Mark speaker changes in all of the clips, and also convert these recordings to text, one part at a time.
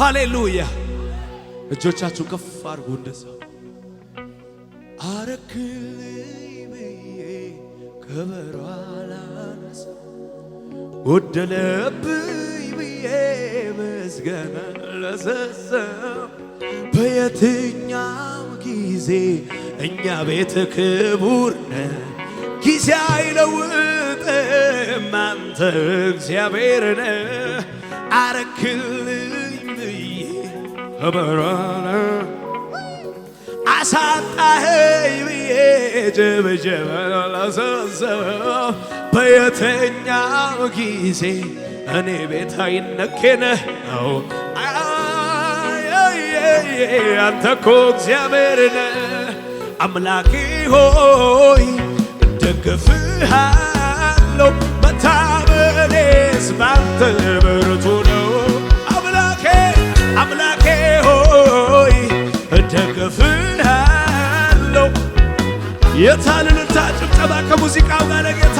Speaker 1: ሃሌሉያ! እጆቻችሁ ከፍ አድርጉ። እንደዛ አረክልኝ ብዬ ከበሮ አላነሳ ጎደለብኝ ብዬ በየትኛው ጊዜ እኛ ቤት ክቡር ጊዜ አይለውጥም አንተ እግዚአብሔር አሳጣኸኝ ብዬ በየትኛው ጊዜ እኔ ቤት አይነኬነ ነው አንተ እኮ እግዚአብሔር ነህ አምላኬ ሆይ መታመኔስ ባንተ የታልልታ ጭብጨባ ከሙዚቃው ጋር ለጌታ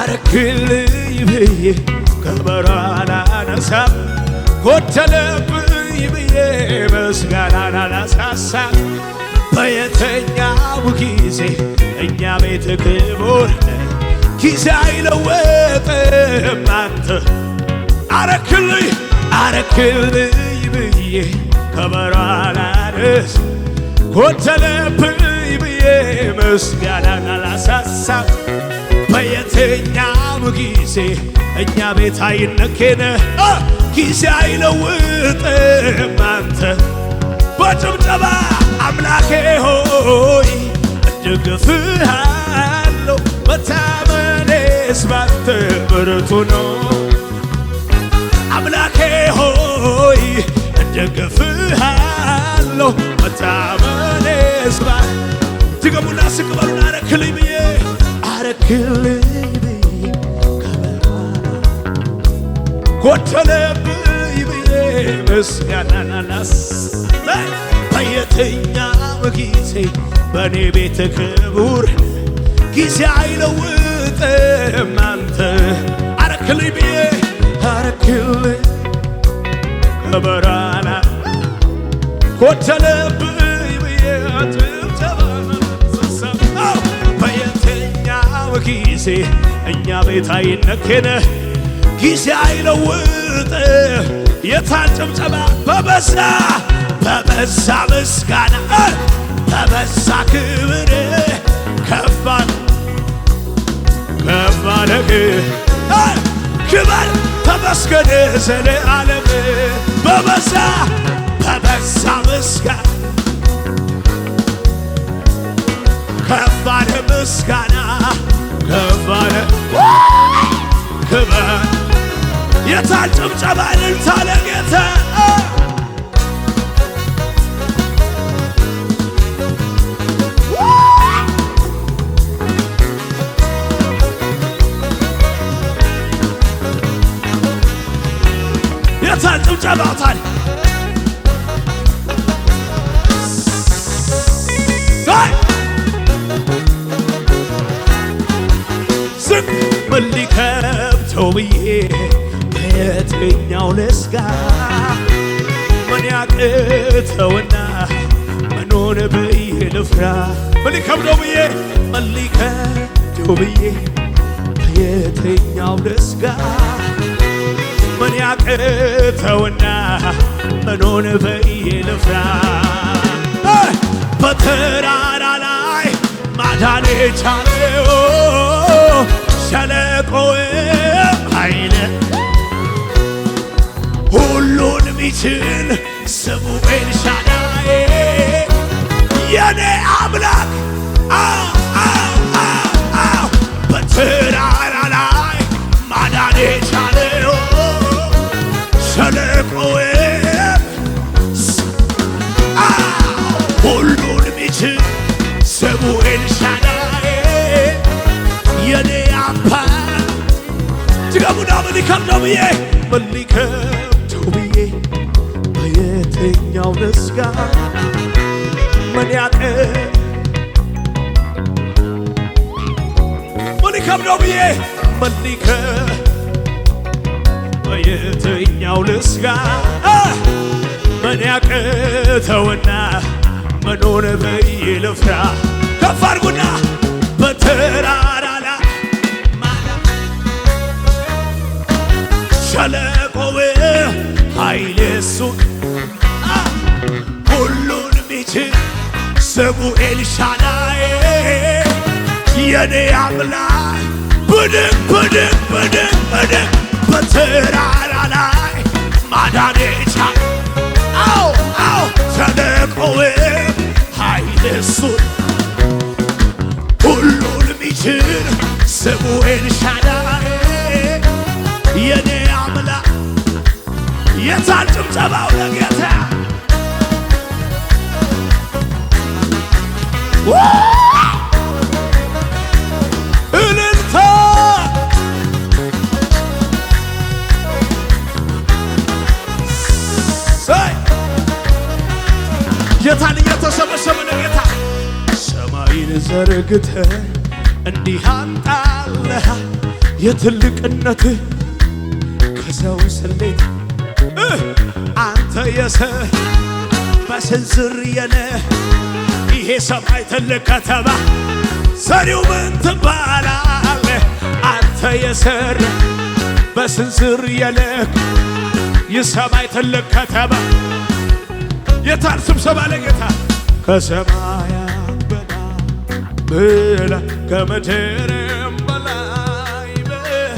Speaker 1: አረክልኝ ብዬ ከበሮ አላነሳም ጎደለብኝ ብዬ ምስጋናን አላሳሳም በየተኛው ጊዜ እኛ ቤት ክቡር ጊዜ አይለወጥም አንተ አረክልኝ አረክልኝ ብዬ ከበሮ አላነሳም ጎደለብኝ ብዬ ምስጋናን ጊዜ እኛ ቤት አይነኬነ ጊዜ አይለውጥም አንተ በጭብጨባ አምላኬ ሆይ እደግፍሃለሁ መታመኔስ ባንተ ብርቱ ነው አምላኬ ሆይ እደግፍሃለሁ መታመኔስ ባንተ ድገሙና ስቅበሉን አረክልኝ ብዬ አረክልኝ ጎደለብኝ ብዬ ምስጋናናስ በየትኛው ጊዜ በእኔ ቤት ክቡር ጊዜ አይለውጥም አንተ አረክልኝ ብዬ አረክልኝ በራና ጎደለብኝ ብዬ በየትኛው ጊዜ እኛ ቤት አይነኬነ ጊዜ አይለውጥ የታን ጭብጨባ በበዛ በበዛ ምስጋና በበዛ ክብር ከፋል ከፋለግ ክበር ተመስገን ዘለዓለም በበዛ በበዛ ምስጋና ከፋለ ምስጋና ከፋለ ክበር የታን ጭብጨባ እልልታ ለጌታ የታን ጭብጨባ ታዲያ ዝም ምን ሊከብተው ብዬ የትኛው ልስጋ? ምን ያቅተውና ምኑን ብዬ ልፍራ? ምን ብዬ ምን ብዬ የትኛው ልስጋ? ምን ያቅተውና ምኑን ብዬ ልፍራ? በተራራ ላይ ማዳን የቻለው ሸለቆ ኃይል የሚችል ስሙ ኤልሻዳይ የኔ አምላክ በተራራ ላይ ማዳን የቻለው ሸለቆዬ ሁሉን የሚችል ስሙ ኤልሻዳይ የኔ አባት ድገሙና ምን ይከብደው ብዬ ምን ይከብደው ብዬ የትኛው ልስጋ ምን ያቅ ምን ይከብደው ብዬ ምን ይከ የትኛው ልስጋ ምን ያቅተውና መኖር በይ ልፍራ ከፍ አድርጉና በተራራላ ሸለ ስሙ ኤልሻዳይ የኔ አምላክ ብድግ ብድግ ብድግ ብድግ በተራራ ላይ ማዳኔ ቻ የተሰበሰብን ጌታ ሰማይን ዘርግተ እንዲህ አምጣለህ የትልቅነትህ ከሰው ስሌት አንተ የሰ በስንዝር የለ ይሄ ሰማይ ትልቅ ከተማ ሰሪው ምን ትባላለ አንተ የሰር በስንዝር የለክ ይህ ሰማይ ትልቅ ከተማ የታር ስብሰባ ለጌታ ከሰማያት በላይ ብለህ ከምድርም በላይ ብለህ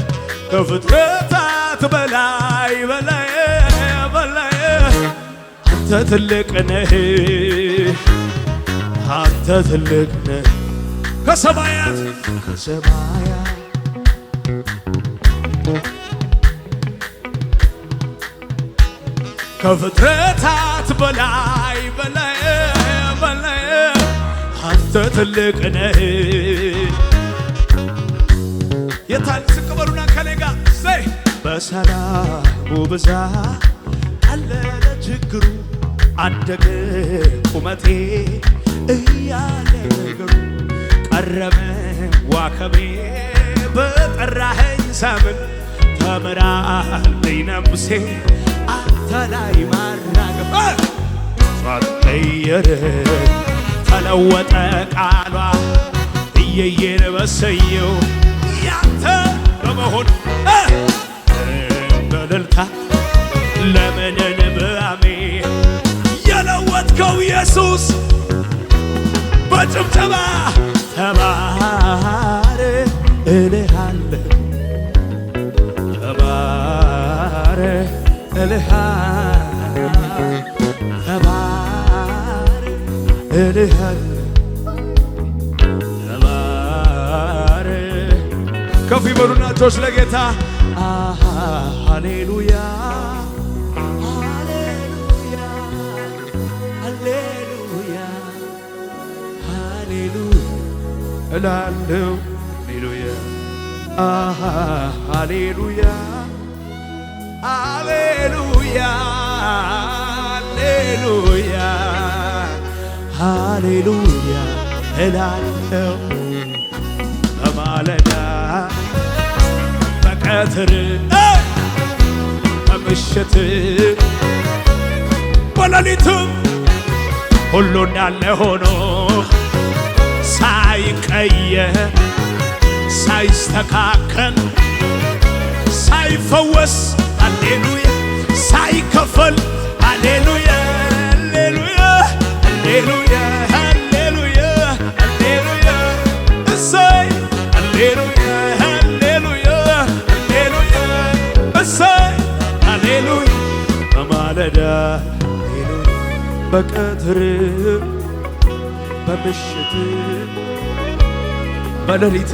Speaker 1: ከፍጥረታት በላይ በላይ በላይ አንተ ትልቅ ነህ፣ አንተ ትልቅ ነህ። ከሰማያት ከሰማያት ከፍጥረታት በላይ በላይ አንተ ትልቅ ነህ። የታል ዝቅ በሉና ከኔ ጋር በሰላሙ ብዛ አለለ ችግሩ አደገ ቁመቴ እያለ ነገሩ ቀረበ ዋከቤ በጠራኸኝ ሳምን ተምራልኝ ነፍሴ አንተ ላይ ማራገብ ሷት ተለወጠ ቃሏ እየየን በሰየው ያንተ በመሆን በልልታ ለምንን በአሜ የለወጥከው ኢየሱስ በጭብጨባ ተባ ይበሉና እጆች ለጌታ ሃሌሉያ እላለሁ ሃሌሉያ ሃሌሉያ ሃሌሉያ ሃሌሉያ ሃሌሉያ በማለዳ ከቀትር ከምሽት በሌሊቱም ሁሉ እንዳለ ሆኖ ሳይቀየ ሳይስተካከል ሳይፈወስ አሌሉያ ሳይከፈል አሌሉያ በምሽት በሌሊት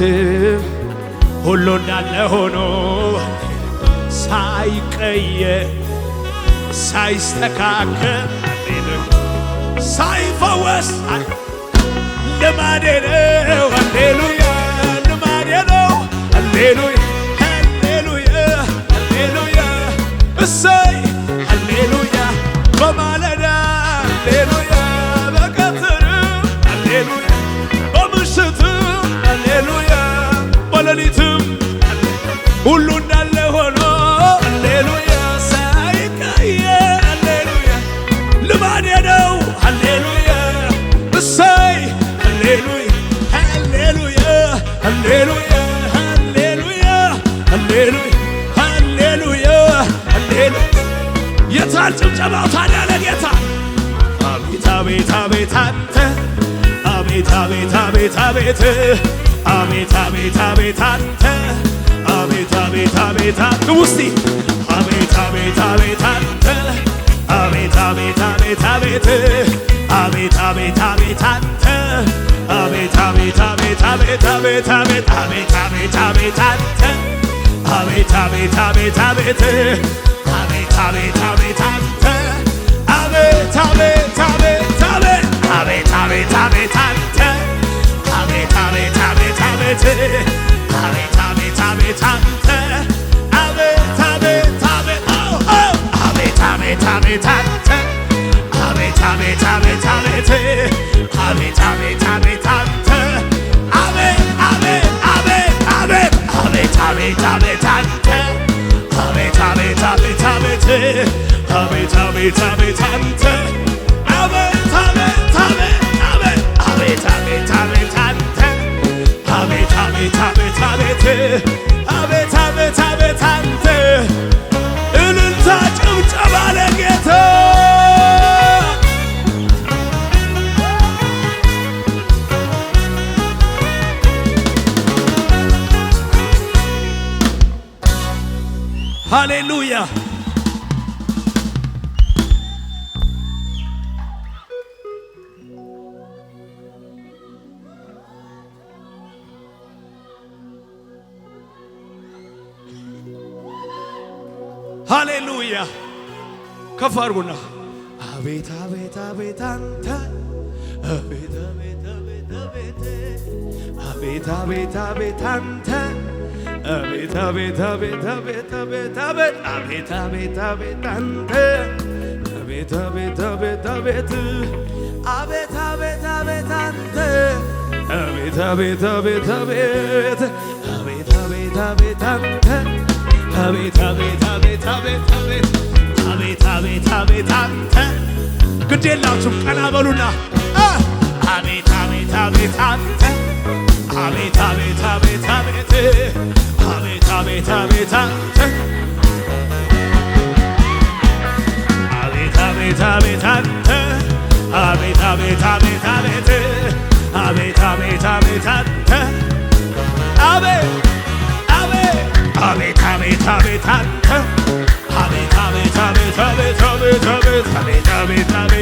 Speaker 1: ሁሉ እንዳለ ሆኖ ሳይቀየር ሳይስተካከል ሳይፈወስ ልማዴ ነው። አሌሉያ ልማዴ ነው። አሌሉያ አሌሉያ አሌሉያ እሰይ ሁሉ እንዳለ ሆኖ አሌሉያ ሳይቀየር አሌሉያ ልማዴ ነው አሌሉያ እሰይ አሌሉያ አሌሉያ አሌሉያ አሌሉያ አሌሉያ አሌሉያ አሌሉያ የታል ጭብጨባው ታዲያ ለጌታ አቤት አቤት አቤት አቤት አቤት አቤት አቤት አቤት አቤት አቤት አንተ አቤት አቤት አቤት ንውስቲ አቤት አቤት አቤት አንተ አቤት አቤት አቤት አቤት አቤት አቤት አቤት አንተ አቤት አቤት አቤት አቤት አቤት አቤት አቤት አቤት አቤት አንተ አቤት አቤት አቤት አቤት አቤት አቤት አቤት አንተ አቤት አቤት አቤት አቤት አቤት አንተ አቤት አቤት አቤት አንተ ሃሌሉያ ከፍ አድርጉና አቤት አቤት አቤት አንተ አቤት አቤት አቤት አንተ አቤት አቤት አቤት አቤት አቤት አቤት አቤት አቤት አቤት አንተ አቤት አቤት አቤት አቤት አቤት አቤት አቤት አንተ አቤት አቤት አቤት አቤት አቤት አቤት አቤት አንተ አቤት አቤት አቤት አቤት አቤት አቤት አቤት አቤት አንተ ግድ የላችሁም ቀና በሉና አቤት አቤት አቤት አንተ አቤት አቤት አቤት አቤት አቤት አቤት አቤት አንተ አቤት አቤት አንተ አቤት አቤት አቤት አቤት አቤት አቤት አቤት አንተ አቤት አቤት አቤት አቤት አንተ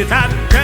Speaker 1: That.